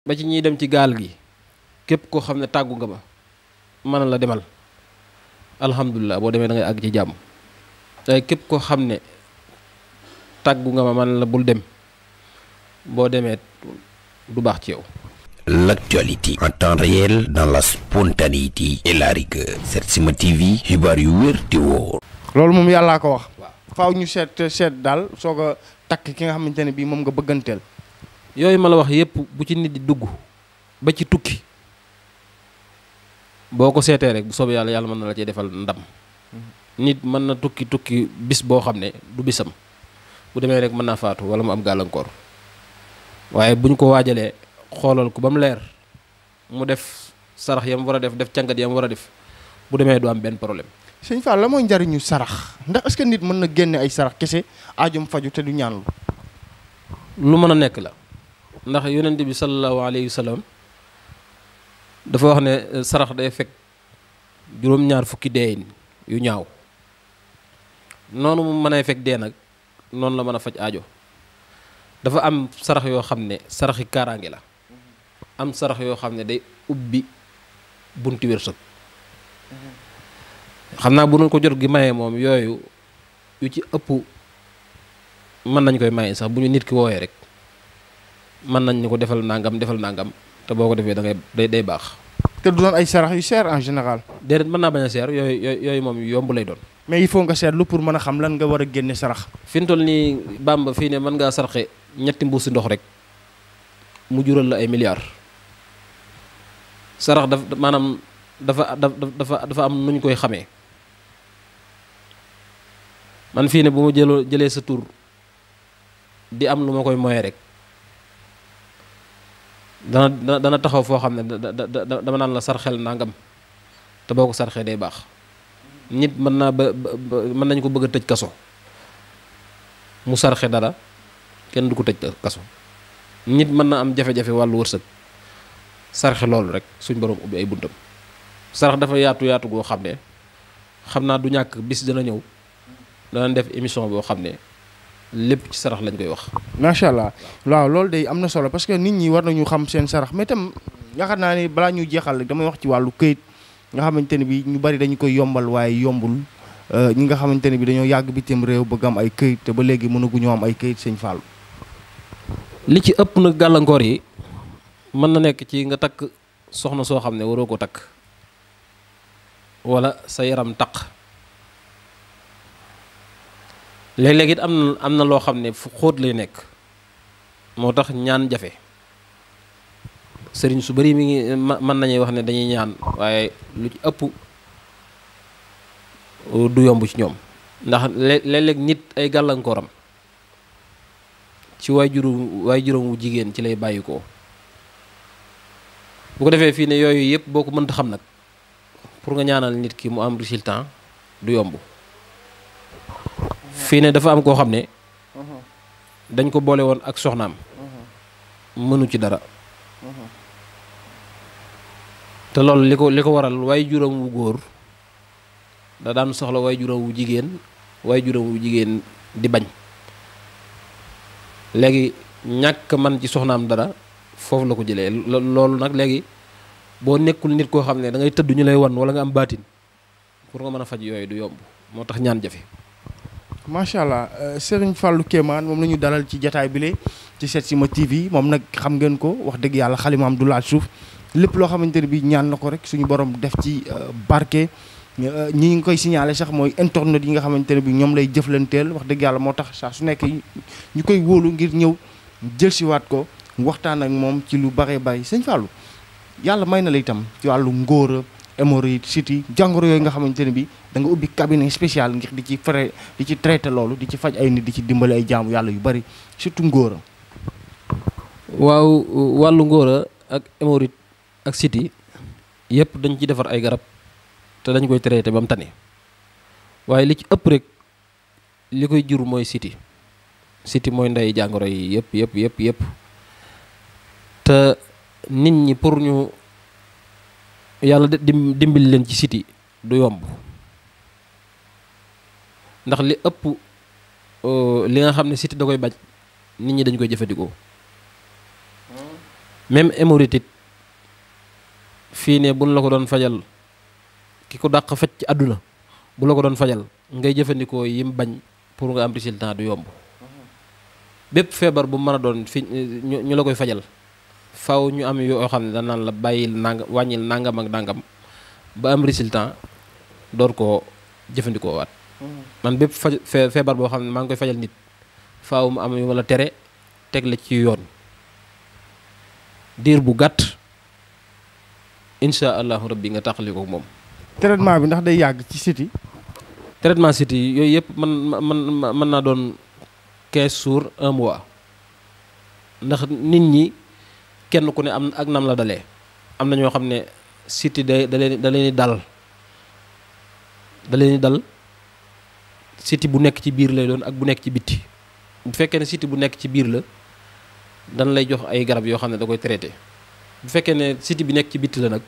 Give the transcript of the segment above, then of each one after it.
ba ci ñiy dem ci gaal gi képp koo xam ne tàggu nga ma mën la demal alhamdulilah boo demee da ngay àgg ci jàmm waaye képp koo xam ne tàggu nga ma mën la bul dem boo demee du baax ci yow. L'actualité en temps réel dans la spontanéité et la rigueur Setsima TV xibaar yu wér te wóor. loolu moom yàllaa ko wax. waaw faaw ñu seet seet daal soo ko takk ki nga xamante ne bii moom nga bëgganteel. yooyu ma la wax yépp bu ci nit di dugg ba ci tukki boo ko seetee rek bu soobee yàlla yàlla mën na la cee defal ndam mm-hmm. nit mën na tukki tukki bis boo xam ne du bisam bu demee rek mën naa faatu wala mu am gàllankoor waaye buñ ko waajalee xoolal ko ba mu leer mu def sarax yam war a def def càngat yam war a def bu demee du am benn problème. sëñ Fall la mooy njariñu sarax ndax est nit mën na génne ay sarax kese aajum faju te du ñaanlu. lu mën a nekk la ndax yonent bi sallallahu alayhi wa sallam dafa wax ne eh, sarax day fekk juróom-ñaar fukki deeyin yu ñaaw noonu mu mën a fekk dee nag noonu la mën a faj ajo dafa am sarax yoo xam ne saraxi kaaraange la am sarax yoo xam ne day ubbi bunti wërsëg xam naa bu nu ko jot gi maye moom yooyu yu ci ëpp mën nañ koy maye sax bu ñu nit ki woowee rek mën nañ ñu ko defal nangam defal nangam te boo ko defee da ngay day day baax. te du doon ay sarax yu cher en général. déedéet mën naa bañ a cher yooyu yooyu moom yomb lay doon. mais il faut nga seetlu pour mën a xam lan nga war a génne sarax. fi mu toll nii bàmba fii ne mën ngaa sarxe ñetti mbuusi ndox rek mu jural la ay milliards sarax daf maanaam dafa dafa dafa am nu ñu koy xamee man fii ne bu ma jëloo jëlee sa tur di am lu ma koy moye rek. dana dana taxaw foo xam ne dama naan la sarxel nangam te boo ko sarxee day baax nit mën naa ba mën nañ ko bëgg a tëj kaso mu sarxe dara kenn du ko tëj kaso nit mën naa am jafe-jafe wàllu wërsëg sarxe loolu rek suñ borom ubbi ay buntam sarax dafa yaatu yaatu goo xam ne xam naa du ñàkk bis dana ñëw dana def émission boo xam ne lépp ci sarax lañ koy wax. macha allah waaw loolu de am na solo parce que nit ñi war nañu xam seen sarax mais tam yaakaar naa ne balaa ñuy jeexal rek damay wax ci wàllu këyit nga xamante ne bi ñu bari dañu koy yombal waaye yombul euh, ñi nga xamante ne bi dañoo yàgg bitim réew bëgg am ay këyit te ba léegi mënaguñoo am ay këyit sëñ Fallou. li ci ëpp na gàllankoor yi mën na nekk ci nga takk soxna soo xam ne waroo ko takk wala sa yaram taq. léeg-léeg it am na am na loo xam ne fu xóot lay nekk moo tax ñaan jafe sëriñ su bari mi ngi mën nañuy wax ne dañuy ñaan waaye lu ci ëpp uh, du yomb ci ñoom ndax léeg-léeg nit ay gàllankooram ci waajuru waajuram wu jigéen ci lay bàyyi ko bu ko defee fii ne yooyu yëpp boo ko mënta xam nag pour nga ñaanal nit ki mu am résultat du yomb fii ne dafa am koo xam ne uh-huh. dañ ko boole woon ak soxnaam uh-huh. mënu ci dara uh-huh. te lool li ko li ko waral waaye juróom wu góor da daan soxla way juróom wu jigéen waaye juróom wu jigéen di bañ léegi ñàkk man ci soxnaam dara foofu la ko jëlee loolu nag léegi boo nekkul nit koo xam ne dangay ngay tëdd ñu lay wan wala nga am baatin pour nga mën a faj yooyu du yomb moo tax ñaan jafe macha allah euh, Serigne Fallou Kéemaan moom la ñu dalal ci jataay bile ci Setsima TV moom nag xam ngeen ko wax dëgg yàlla xalimaam du laal suuf lépp loo xamante ne bi ñaan na ko rek suñu borom def ci euh, barke. Euh, ñi ngi koy signaale sax mooy internet yi nga xamante ne bi ñoom lay jëflanteel wax dëgg yàlla moo tax saa su nekk ñu koy wóolu ngir ñëw jël siwaat ko waxtaan ak moom ci lu bare bari sëñ Fallou yàlla may na la itam ci wàllu ngóora hémorroïde city jàngoro yooyu nga xamante ne bi da nga ubbi cabinet spécial ngir di ci frais di ci traité loolu di ci faj ay nit di ci dimbali ay jaamu yàlla yu bari surtout ngóora waaw wàllu ngóora ak hémorroïde ak siti yëpp dañ ci defar ay garab te dañ koy traité ba mu tane waaye li ci ëpp rek li koy jur mooy siti city mooy ndey jàngoro yi yëpp yëpp yëpp yëpp te nit ñi pour ñu yàlla dim dimbali leen ci siti du yomb ndax li ëpp euh, li nga xam ne siti da koy bañ nit ñi dañ koy jëfandikoo même hémorroïde fii ne buñ la ko doon fajal ki ko dàq faj ci àdduna bu la ko doon fajal ngay jëfandikoo yim bañ pour nga am résultat du yomb mhm. bépp feebar bu mën a doon fi ñu la koy fajal faw ñu am yoo xam ne danaan la bàyyil nangam wàññil nangam ak nangam ba am résultat door koo jëfandikoo waat. Mm-hmm. man bépp fa feebar boo xam ne maa ngi koy fajal nit faaw mu am yu ma la tere teg la ci yoon diir bu gàtt incha allahu rabbi nga taxali ko moom. traitement bi ndax day yàgg ci siti traitement siti yooyu yëpp man man mën naa doon 15 sour un mois ndax nit ñi kenn ku ne am ak nam la dalee am na ñoo xam ne siti day da leen da leen dal da leen dal siti bu nekk ci biir lay doon ak bu nekk ci bitti bu fekkee ne siti bu nekk ci biir la dan lay jox ay garab yoo xam ne da traité bu fekkee ne siti bi nekk ci bitti la nag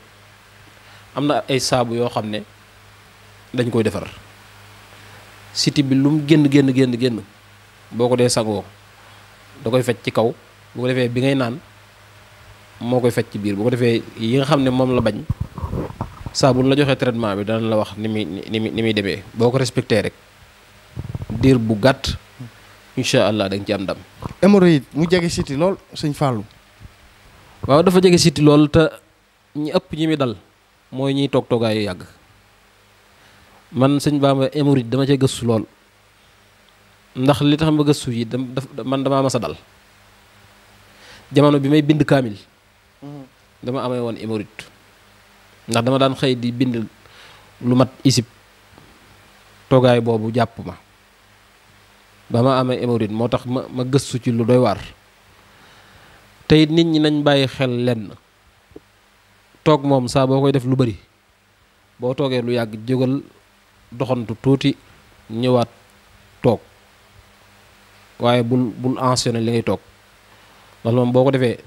am na ay saabu yoo xam ne dañ koy defar siti bi lu mu génn génn génn génn boo ko dee sagoo da koy faj ci kaw bu ko defee bi ngay naan moo koy faj ci biir bu ko defee yi nga xam ne moom la bañ saa bu la joxee traitement bi dana la wax ni muy ni muy ni demee boo ko respecté rek diir bu gàtt incha allah da nga ci am ndam. hémorroïde mu jege siti lool sëñ Fallou. waaw dafa jege siti lool te ñi ëpp ñi muy dal mooy ñiy toog toogaay yàgg man sëñ Bamba hémorroïde dama cee gëstu lool ndax li tax ma gëstu yi man damaa mas a dal jamono bi may bind kaamil. dama amee woon hémorroïde ndax dama daan xëy di bind lu mat isib toogaay boobu jàpp ma ba ma amee hémorroïde moo tax ma ma gëstu ci lu doy waar tey nit ñi nañ bàyyi xel lenn toog moom saa boo koy def lu bari boo toogee lu yàgg jógal doxantu tuuti ñëwaat toog waaye bul bul enchaîner li ngay toog loolu moom boo ko defee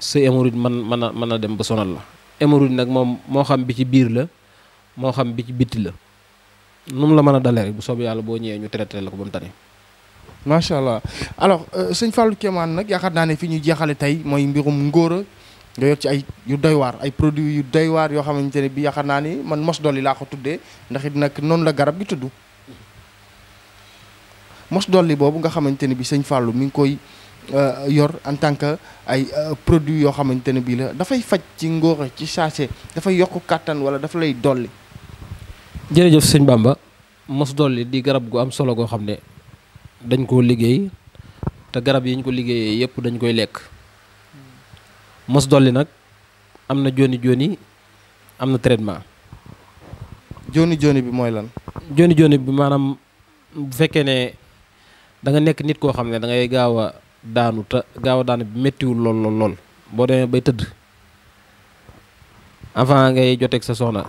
sa hémorroïde man mën a mën a dem ba sonal la hémorroïde nag moom moo xam bi ci biir la moo xam bi ci bitti la nu mu la mën a dalee rek bu soobee yàlla boo ñëwee ñu traité la ko ba mu tane macha allah alors euh, sëñ Fallou Kémane nag yaakaar naa ne fi ñu jeexale tey mooy mbirum ngóora nga yor ci ay yu doy waar ay produit yu doy yoo xamante ne bi yaakaar naa ni man mos dolli laa ko tuddee ndaxit nag noonu la garab gi tuddu mos dolli boobu nga xamante ne bi sëñ Fallou mi ngi koy Euh, yor en tant que ay euh, produit yoo xamante ne bii la dafay faj ci ngóora ci sachet dafay yokk kàttan wala dafa lay dolli. jërëjëf sëñ Bamba mos dolli di garab gu am solo goo xam ne dañ koo liggéey te garab yi ñu ko liggéeyee yëpp dañ koy lekk mos dolli nag am na joni joni am na traitement. joni joni bi mooy lan. joni joni bi maanaam bu fekkee ne danga nekk nit koo xam ne da ngay gaaw a daanu te gaaw a daanu bi méttiwul lool lool lool boo demee bay tëdd avant ngay joteeg sa soxna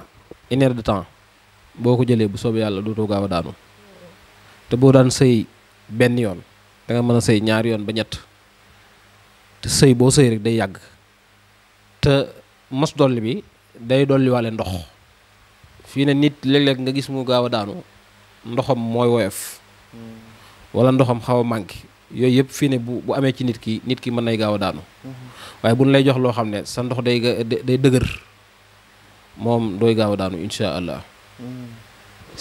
une heure de temps boo ko jëlee bu soobee yàlla dootoo gaaw a daanu te boo daan sëy benn yoon da nga mën a sëy ñaari yoon ba ñett te sëy boo sëy rek day yàgg te mos dolli bi day dolliwaale ndox fii ne nit léeg-léeg nga gis mu gaaw a daanu ndoxam mooy woyof hmm. wala ndoxam xaw a manqué yooyu yëpp fii ne bu bu amee ci nit ki nit ki mën nay gaaw a daanu waaye bu ñu lay jox loo xam ne sa ndox day day dëgër moom dooy gaaw a daanu insha allah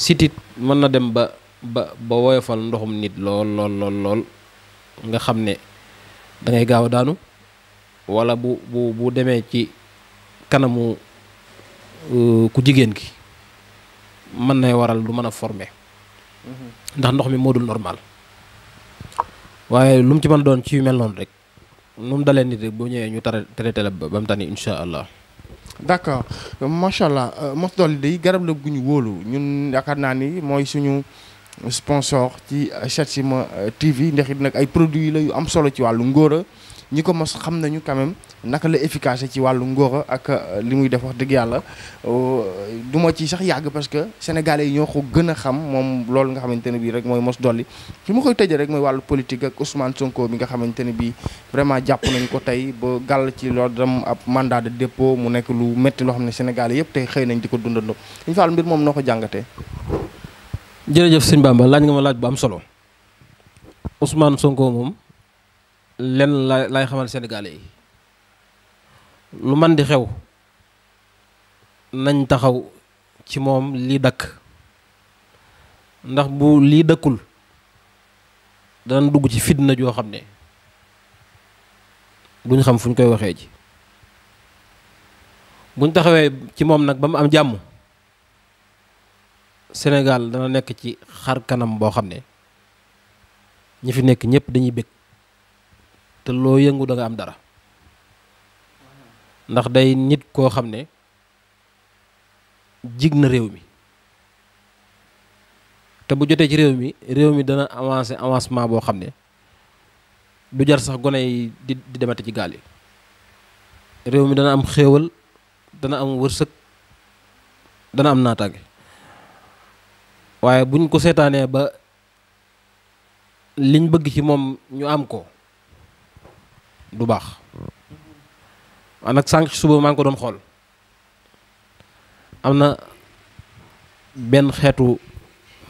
sitit mën na dem ba ba ba woyofal ndoxum nit lool lool lool nga xam ne dangay ngay gaaw a daanu wala bu bu bu demee ci kanamu ku jigéen ki mën nay waral lu mën a forme mm-hmm. ndax ndox mi moo dul normal waaye lu mu ci man doon ci yu mel noonu rek nu mu dalee nit rek boo ñëwee ñu tara traité la ba mu tànn incha allah. d'accord macha allah euh, mos dool di garab la gu ñu wóolu ñun yaakaar naa ni mooy suñu sponsor ci Setsima euh, TV ndax it nag ay produits la yu am solo ci wàllu ngóora ñi ko mos xam nañu quand même. naka la efficace ci wàllu ngóora ak euh, li muy def wax dëgg yàlla euh, du ma ci sax yàgg parce que sénégalais yi ñoo ko gën a xam moom loolu nga xamante ne bii rek mooy mos dolli fi ma koy tëjee rek mooy wàllu politique ak Ousmane Sonko bi nga xamante ne bii vraiment jàpp nañ ko tey ba gàll ci loolu dam ab mandat de mu nekk lu métti loo xam ne sénégalais yëpp tey xëy nañ di ko dundandoo ñu faal mbir moom noo ko jàngatee. jërëjëf laaj nga ma laaj bu am solo Ousmane Sonko moom lenn laay xamal sénégalais yi. lu man di xew nañ taxaw ci moom lii dakk ndax bu lii dëkkul danañ dugg ci fitna joo xam ne duñ xam fuñ koy waxee ji buñ taxawee ci moom nag ba mu am jàmm Sénégal dana nekk ci xar kanam boo xam ne ñi fi nekk ñëpp dañuy bëgg te loo yëngu da am dara ndax day nit koo xam ne jig na réew mi te bu jotee ci réew mi réew mi dana avancé avancement boo xam ne du jar sax gone yi di demate ci gaal yi réew mi dana am xéewal dana am wërsëg dana am naataange waaye buñ ko seetaanee ba liñ bëgg ci moom ñu am ko du baax waaw nag sànq suba maa ngi ko doon xool am na benn xeetu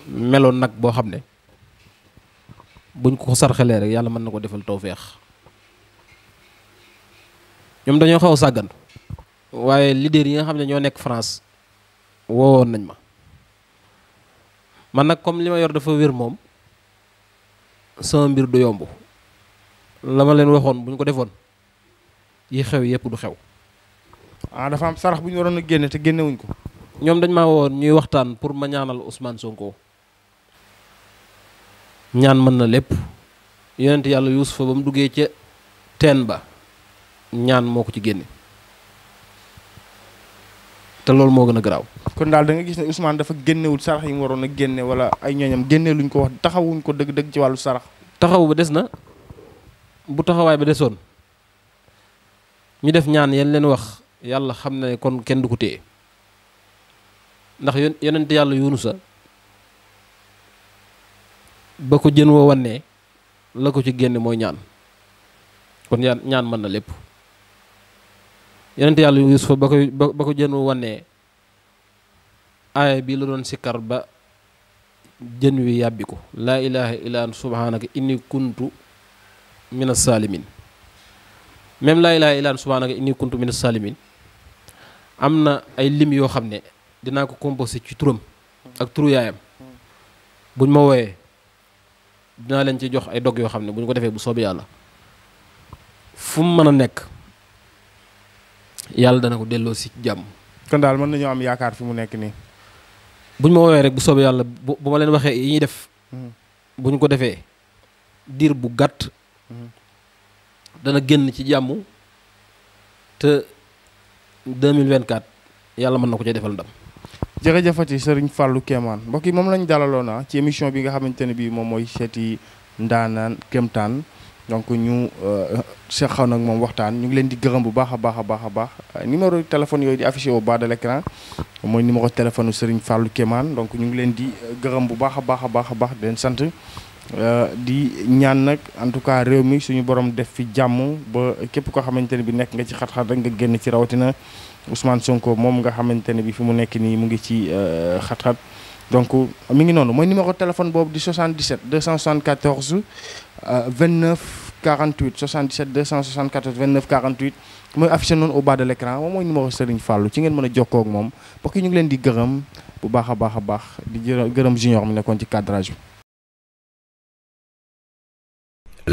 meloon nag boo xam ne buñ ko sarxalee rek yàlla mën na ko defal tawféex ñoom dañoo xaw a sàggan waaye leader yi nga xam ne ñoo nekk France woowoon nañ ma man nag comme li ma yor dafa wér moom sama mbir du yomb la ma leen waxoon bu ñu ko defoon yi xew yëpp du xew. ah dafa am sarax bu ñu waroon a génne te génnewuñ ko. ñoom dañ maa woon ñuy waxtaan pour ma ñaanal Ousmane Sonko. ñaan mën na lépp yonent yàlla Yuusufa ba mu duggee ca teen ba ñaan moo ko ci génne te loolu moo gën a garaaw. kon daal da gis ne Ousmane dafa génnewul sarax yi mu waroon a génne wala ay ñooñam génne luñ ko wax taxawuñ ko dëgg-dëgg ci wàllu sarax. taxaw ba des na bu taxawaay ba desoon. ñu def ñaan yeen leen wax yàlla xam na kon kenn du ko téye ndax yonent yàlla yunusa ba ko jën woo wannee la ko ci génne mooy ñaan kon ñaan ñaan mën na lépp yonent yàlla yusufa ba ko ba ko jën woo wannee aaya bi la doon sikkar ba jën wi yàbbi ko laa ilaha illa an subhanaka inni kuntu mina même laa ilaaha illaa subhaanaka inni kuntu minas saalimiin am na ay lim yoo xam ne dinaa ko composé ci turam ak turu yaayam buñ ma wooyee dinaa leen ci jox ay dog yoo xam ne bu ñu ko defee bu soobee yàlla fu mu mën a nekk yàlla dana ko delloo si jàmm. kon daal mën nañoo am yaakaar fi mu nekk nii. buñ ma woowee rek bu yàlla bu ma leen waxee yi ñuy def. Mm-hmm. bu ñu ko defee diir bu gàtt. Mm-hmm. dana génn ci jàmm te 2024 yàlla mën na ko cee defal ndam. jërëjëfati sëriñ Fallou kemaan mbokk yi moom lañ dalaloon na ah, ci émission bi nga xamante ne bii moom mooy seeti ndaanaan kéemtaan donc ñu euh, seqaw nag moom waxtaan ñu ngi leen di gërëm bu baax a baax a baax a baax numéro téléphone yooyu di affiché au bas de l'écran mooy numéro téléphone Serigne Fallou Kéemaan donc ñu ngi leen di euh, gërëm bu baax a baax a baax a baax leen sant. Euh, di ñaan nag en tout cas réew mi suñu borom def fi jàmm ba képp koo xamante ne bi nekk nga ci xat-xat rek nga génn ci rawatina Ousmane Sonko moom nga xamante ne bi fi mu nekk nii mu ngi ci euh, xat-xat donc mi ngi noonu mooy numéro téléphone boobu di 77 274 29 48 77 274 29 48 mooy affiché noonu au bas de l'écran mooy numéro Serigne Fallou ci ngeen mën a jokkoo ak moom mbokk yi ñu ngi leen di gërëm bu baax a baax a baax di gërëm junior mi nekkoon ci cadrage bi.